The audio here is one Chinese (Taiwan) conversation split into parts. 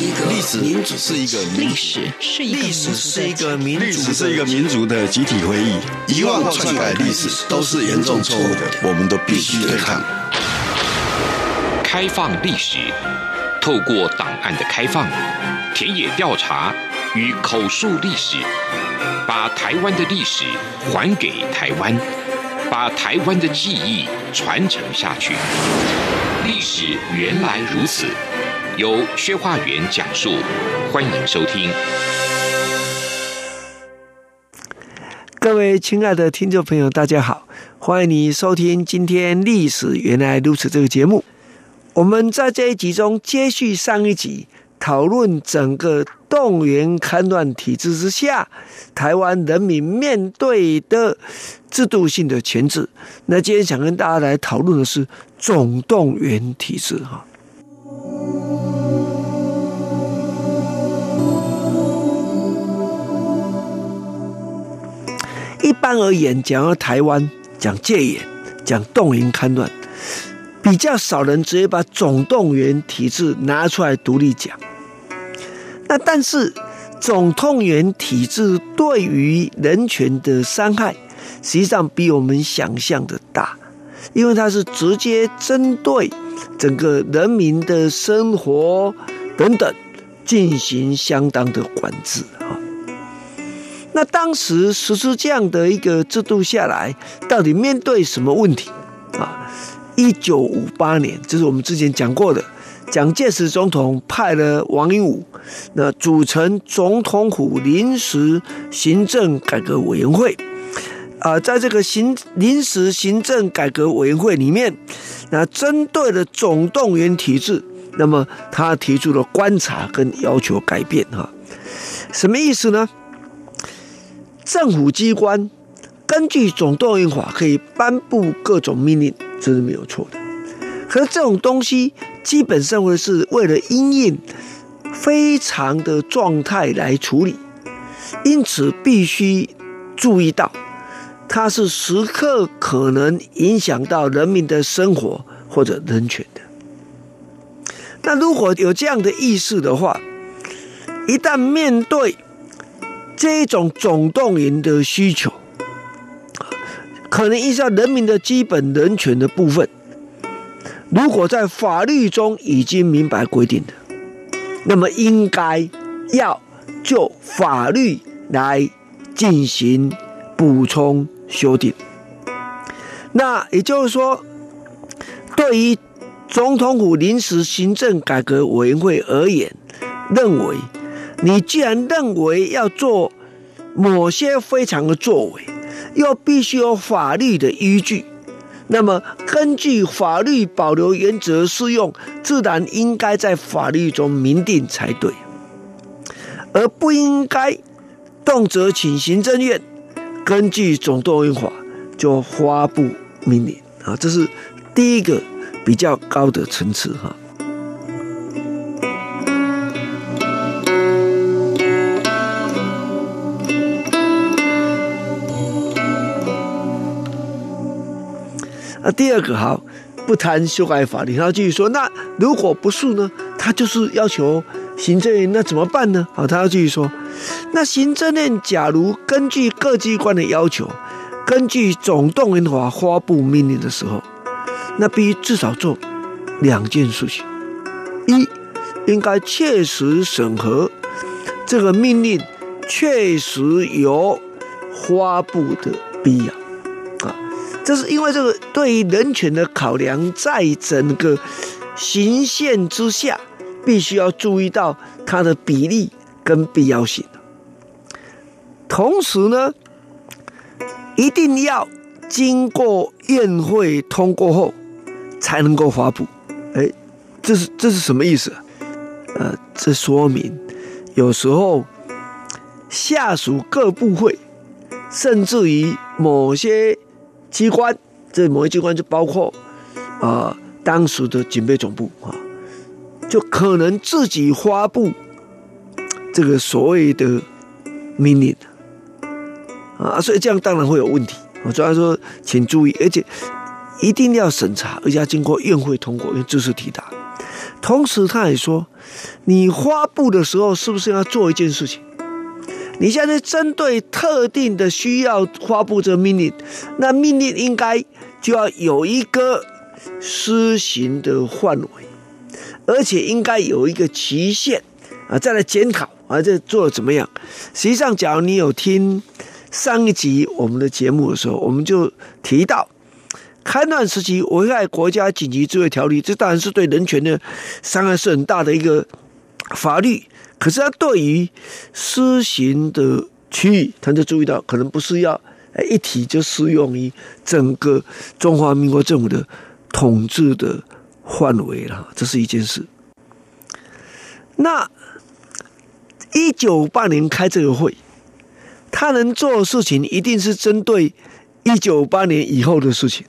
一個民歷史是一個民族歷史，是一個民族的歷史是的，歷史是一個民族的集體回憶。遺忘、篡改的歷史都是嚴重錯誤的，我們都必須對抗。開放歷史，透過檔案的開放、田野調查與口述歷史，把台灣的歷史還給台灣，把台灣的記憶傳承下去。歷史原來如此。由薛化元講述，歡迎收聽。各位親愛的聽眾朋友，大家好，歡迎你收聽今天《歷史原來如此》這個節目。我們在這一集中接續上一集，討論整個動員戡亂體制之下，台灣人民面對的制度性的鉗制。那今天想跟大家來討論的是總動員體制，哈。一般而言，講到台灣講戒嚴、講動員戡亂，比較少人直接把總動員體制拿出來獨立講。那但是，總動員體制對於人權的傷害，實際上比我們想象的大，因為它是直接針對整個人民的生活等等進行相當的管制啊。那當時實施這樣的一個制度下來，到底面對什麼問題啊？一九五八年，這、就是我們之前講過的，蔣介石總統派了王英武，那組成總統府臨時行政改革委員會。啊，在這個行臨時行政改革委員會裡面，那針對了總動員體制，那麼他提出了觀察跟要求改變哈，什麼意思呢？政府機關根據總動員法可以頒布各種命令，這是沒有錯的。可是這種東西基本上會是為了因應非常的狀態來處理，因此必須注意到，它是時刻可能影響到人民的生活或者人權的。那如果有這樣的意識的話，一旦面對。這種總動員的需求，可能依照人民的基本人權的部分，如果在法律中已經明白規定的，那麼應該要就法律來進行補充修訂。那也就是說，對於總統府臨時行政改革委員會而言，認為。你既然認為要做某些非常的作為，又必須有法律的依據，那麼根據法律保留原則適用，自然應該在法律中明定才對，而不應該動輒請行政院根據總動員法就發布命令啊！這是第一個比較高的層次哈。那第二個好，不談修改法律，他要繼續說：那如果不訴呢？他就是要求行政院，那怎麼辦呢？好，他要繼續說：那行政院假如根據各機關的要求，根據總動員法發布命令的時候，那必須至少做兩件事情：一，應該確實審核這個命令確實有發布的必要。這是因為這個對於人權的考量，在整個行憲之下，必須要注意到它的比例跟必要性。同時呢，一定要經過議會通過後才能夠發布。哎，這是這是什麼意思啊？呃，這說明有時候下屬各部會，甚至於某些。機關，這某一機關就包括啊、呃，當時的警備總部啊，就可能自己發布這個所謂的命令啊，所以這樣當然會有問題。我、啊、主要說，請注意，而且一定要審查，而且要經過院會通過，因為茲事體大。同時，他也說，你發布的時候是不是要做一件事情？你現在針對特定的需要發布這個命令，那命令應該就要有一個施行的範圍，而且應該有一個期限啊，再來檢討啊，這做得怎麼樣？實際上，假如你有聽上一集我們的節目的時候，我們就提到，戡亂時期危害國家緊急治罪條例，這當然是對人權的傷害是很大的一個法律。可是他對於施行的區域，他就注意到，可能不是要一體就適用於整個中華民國政府的統治的範圍了，這是一件事。那一九八零年開這個會，他能做的事情，一定是針對一九八零年以後的事情。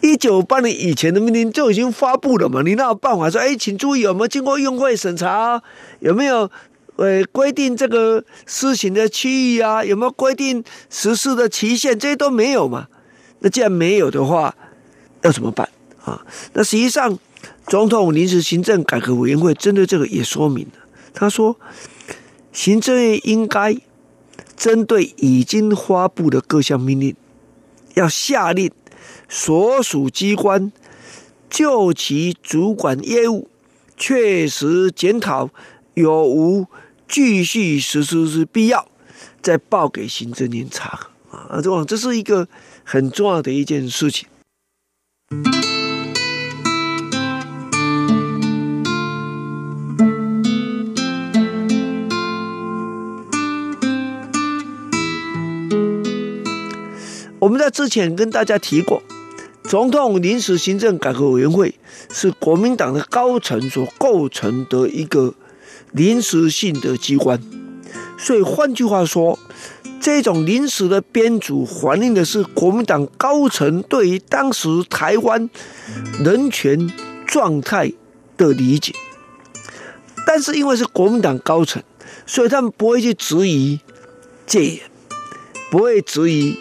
一九八零年以前的命令就已經發布了嘛，你哪有辦法說，哎，請注意有沒有經過議會審查，有沒有呃規定這個施行的區域啊？有沒有規定實施的期限？這些都沒有嘛。那既然沒有的話，要怎麼辦啊？那實際上，總統臨時行政改革委員會針對這個也說明了，他說，行政院應該針對已經發布的各項命令，要下令。所屬機關就其主管業務確實檢討有無繼續實施之必要，再報給行政院查核啊！啊，這這是一個很重要的一件事情。 我們在之前跟大家提過。總統臨時行政改革委員會是國民黨的高層所構成的一個臨時性的機關，所以換句話說，這種臨時的編組反映的是國民黨高層對於當時台灣人權狀態的理解。但是因為是國民黨高層，所以他們不會去質疑戒嚴，不會質疑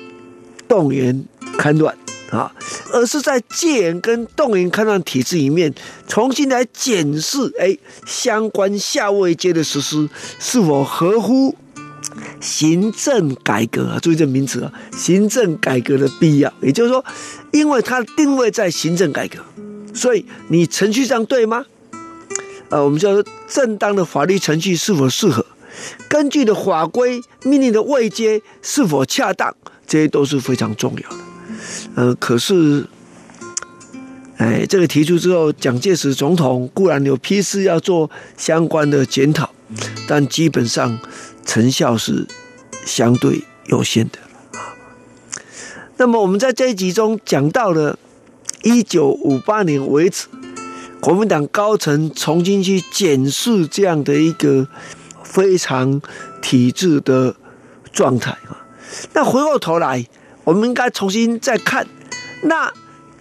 動員戡亂。啊，而是在戒嚴跟動員戡亂體制裡面，重新來檢視，哎，A，相關下位階的實施是否合乎行政改革啊，注意這名詞啊，行政改革的必要，也就是說，因為它定位在行政改革，所以你程序上對嗎？呃，我們叫做正當的法律程序是否適合？根據的法規、命令的位階是否恰當？這些都是非常重要的。呃，可是，哎，這個提出之後，蔣介石總統固然有批示要做相關的檢討，但基本上成效是相對有限的啊。那麼，我們在這一集中講到了一九五八年為止，國民黨高層重新去檢視這樣的一個非常體制的狀態啊。那回過頭來。我們應該重新再看，那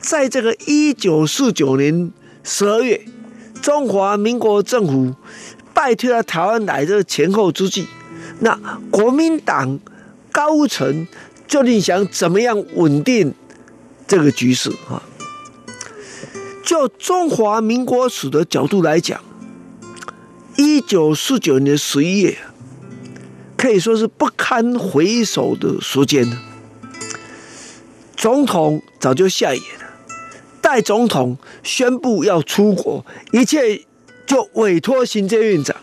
在這個一九四九年十二月，中華民國政府敗退到台灣來的前後之際，那國民黨高層究竟想怎麼樣穩定這個局勢啊？就中華民國史的角度來講，一九四九年十一月可以說是不堪回首的時間。總統早就下野了，代總統宣布要出國，一切就委托行政院長了。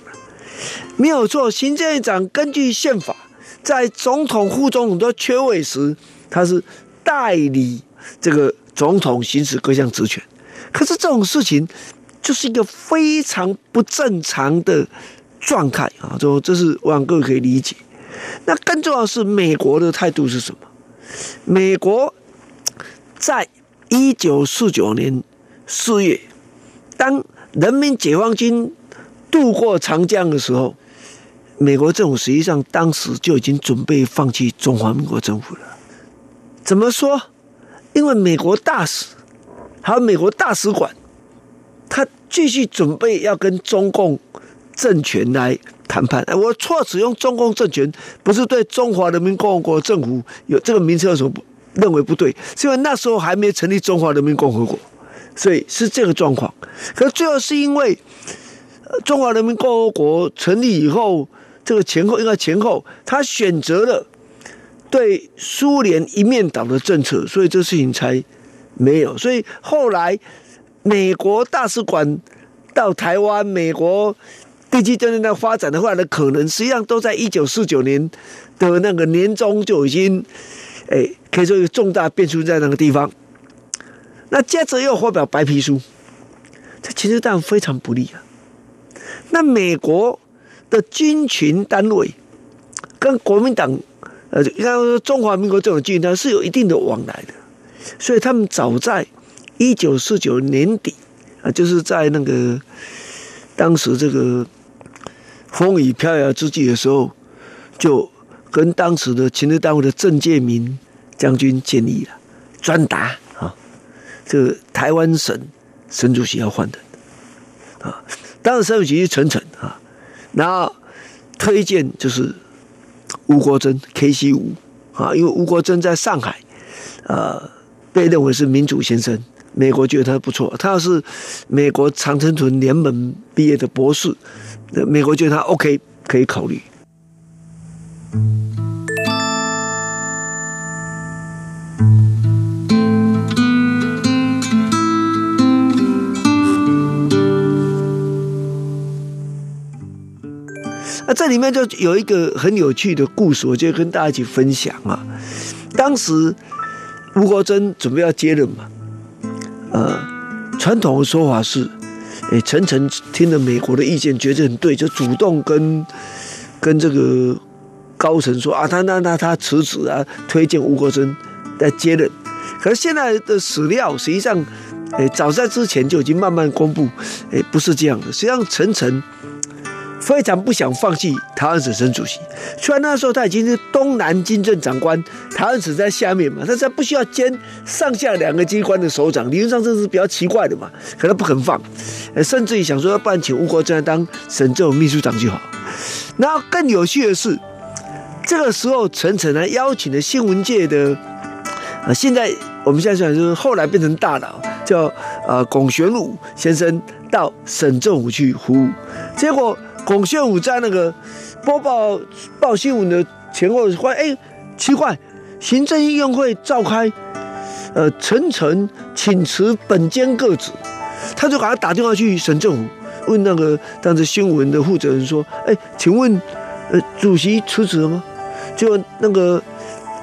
沒有錯，行政院長根據憲法，在總統、副總統都缺位時，他是代理這個總統行使各項職權。可是這種事情就是一個非常不正常的狀態啊！這、哦、這是我想各位可以理解。那更重要的是美國的態度是什麼？美國。在一九四九年四月，當人民解放軍渡過長江的時候，美國政府實際上當時就已經準備放棄中華民國政府了。怎麼說？因為美國大使還有美國大使館，他繼續準備要跟中共政權來談判。我錯使用中共政權，不是對中華人民共和國政府有這個名稱有什麼？認為不對，因為那時候還沒成立中華人民共和國，所以是這個狀況。可最後是因為中華人民共和國成立以後，這個前後應該前後，他選擇了對蘇聯一面倒的政策，所以這事情才沒有。所以後來美國大使館到台灣，美國地基在那發展的後來的可能實際上都在一九四九年的那個年中就已經。哎，可以說有重大變數在那個地方。那接着又發表白皮書，這情報單位非常不利啊。那美國的軍情單位跟國民黨，呃，應該說中華民國這種軍情單位是有一定的往來的，所以他們早在一九四九年底啊、呃，就是在那個當時這個風雨飄搖之際的時候，就跟當時的情報單位的鄭介民。將軍建議了，啊，專達啊，這個台灣省省主席要換的啊，當時省主席陳誠啊，然後推薦就是吳國楨 K.C. 吳啊，因為吳國楨在上海啊，呃，被認為是民主先生，美國覺得他不錯，他要是美國常春藤聯盟畢業的博士，呃，美國覺得他 OK 可以考慮。那裡面就有一個很有趣的故事，我就跟大家一起分享啊。當時吳國楨準備要接任嘛，呃，傳統的說法是，誒，陳誠聽了美國的意見，覺得很對，就主動跟跟這個高層說啊，他那那他辭職啊，推薦吳國楨來接任。可是現在的史料實際上，誒，早在之前就已經慢慢公布，誒，不是這樣的，實際上陳誠。程程非常不想放棄台灣省省主席，雖然那時候他已經是東南軍政長官，台灣省在下面嘛，但是他在不需要兼上下兩個機關的首長，理論上這是比較奇怪的嘛，可他不肯放，甚至於想說，要不然請吳國楨來當省政府秘書長就好。那更有趣的是，這個時候陳誠呢，邀請了新聞界的，啊、呃，現在我們現在想就是後來變成大佬，叫啊龔學魯先生到省政府去服務，結果。龔秀武在那個播報報新聞的前後，說：“哎、欸，奇怪，行政應用會召開，呃，陳誠請辭本兼各職。”他就趕快打電話去省政府，問那個當時新聞的負責人說：“哎、欸，請問，呃，主席辭職了嗎？”就那個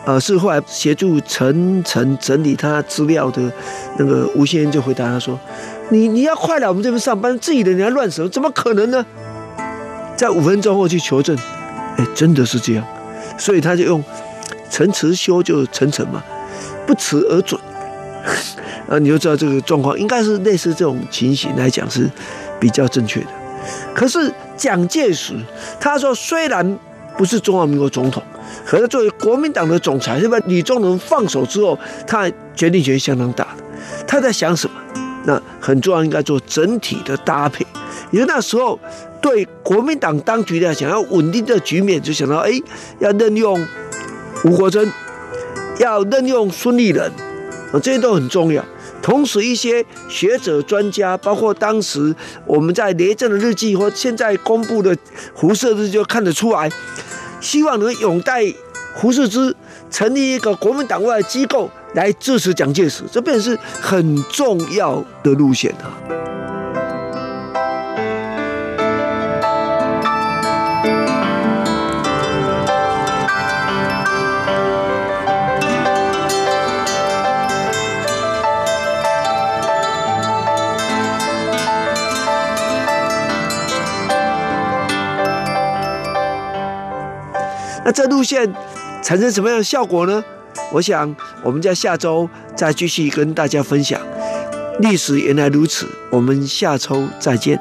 呃是後來協助陳誠整理他資料的那個吳先生就回答他說：“你你要快來我們這邊上班，自己的人還亂什麼，怎麼可能呢？”在五分鐘後去求證，哎、欸，真的是這樣，所以他就用“陳辭修”就“陳誠”嘛，不辭而准。 然後你就知道這個狀況應該是類似這種情形來講是比較正確的。可是蔣介石他說，雖然不是中華民國總統，可是作為國民黨的總裁，是吧？李宗仁放手之後，他決定權相當大的。他在想什麼？那很重要，應該做整體的搭配，因為那時候。對國民黨當局的想要穩定的局面，就想到哎，要任用吳國楨，要任用孫立人，啊，這些都很重要。同時，一些學者、專家，包括當時我們在雷震的日記或現在公布的胡適日記，就看得出來，希望能擁戴胡適之，成立一個國民黨外的機構來支持蔣介石，這便是很重要的路線啊。那這路線產生什麼樣的效果呢？我想我們在下周再繼續跟大家分享。歷史原來如此，我們下周再見。